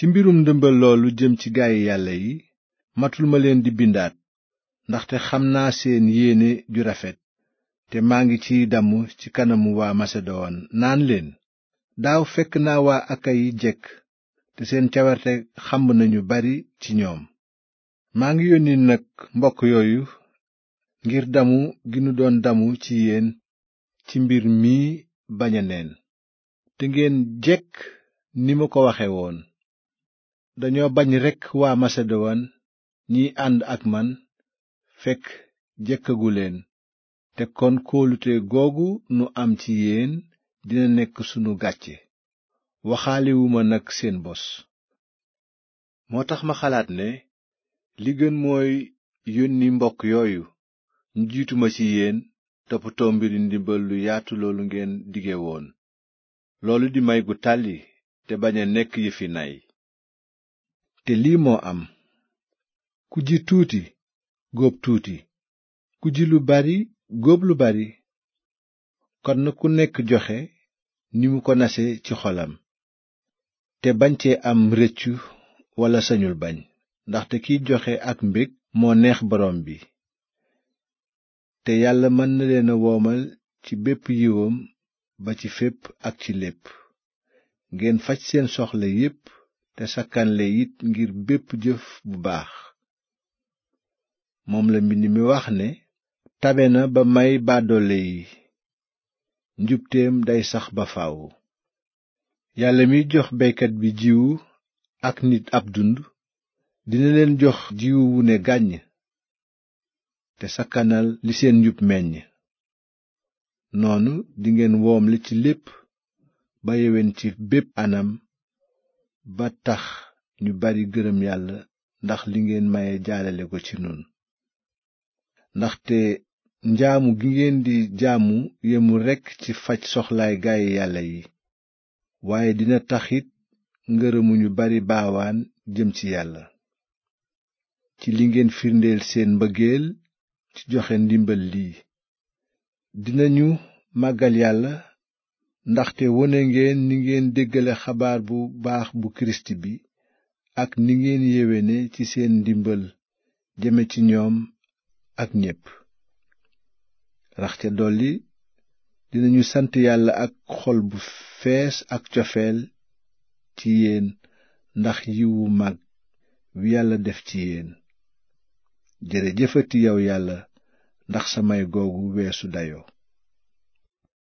ci mbirum ndëmbal loolu jëm ci gaay yàlla yi matul ma leen di bindaat ndaxte xam naa seen yéene ju rafet te maa ngi ciy damm ci kanamu waa masedowan naan leen daaw fekk naa waa akayi jekk te seen cawarte xàmb nañu bari ci ñoom maa ngi yónni nag mbokk yooyu ngir damu gi nu doon damu ci yéen ci mbir mii bañ a neen te ngeen jekk ni ma ko waxe woon dañoo bañ rekk waa maseduwaan ñiy ànd ak man fekk jekkaguleen te kon kóolute googu nu am ci yéen dina nekk sunu gàcce waxaaliwuma nag seen bos moo tax ma xalaat ne li gën mooy yónni mbokk yooyu ñu jiituma ci yéen toppatoo mbiri ndimbal lu yaatu loolu ngeen dige woon loolu di may gu tàlli te bañ a nekk yëfi nay te lii moo am ku ji tuuti góob tuuti ku ji lu bari góob lu bari kon na ku nekk joxe ni mu ko nase ci xolam te bañ cee am rëccu walla sañul bañ ndaxte kiy joxe ak mbég moo neex boroom bi te yàlla mën na leen a woomal ci bépp yiwam ba ci fépp ak ci lépp ngeen faj seen soxla yépp te sakkanle it ngir bépp jëf bu baax moom la mbind mi wax ne tabe na ba may baadoole yi njubteem day sax ba faw yàlla miy jox baykat bi jiwu ak nit ab dund dina leen jox jiwu wu ne gàññ te sakkanal li seen njub meññ noonu dingeen woomle ci lépp ba yewen ci bépp anam ba tax ñu bari gërëm yàlla ndax li ngeen maye jaalale ko ci nun ndaxte njaamu gi ngeen di jaamu yemul rekk ci faj soxlaay gaay yàlla yi waaye dina taxit ngërëmu ñu bari baawaan jëm ci yàlla ci li ngeen firndeel seen mbëggeel ci joxe ndimbal lii ñu màggal yàlla ndaxte wone ngeen ni ngeen déggale xabaar bu baax bu kirist bi ak ni ngeen yéwéne ci seen ndimbal jëme ci ñoom ak ñépp rax ca dolli dinañu sant yàlla ak xol bu fees ak cofeel ci yéen ndax yiwu mag wi yàlla def ci yéen jërëjëfati yow yàlla ndax sa may googu weesu dayoo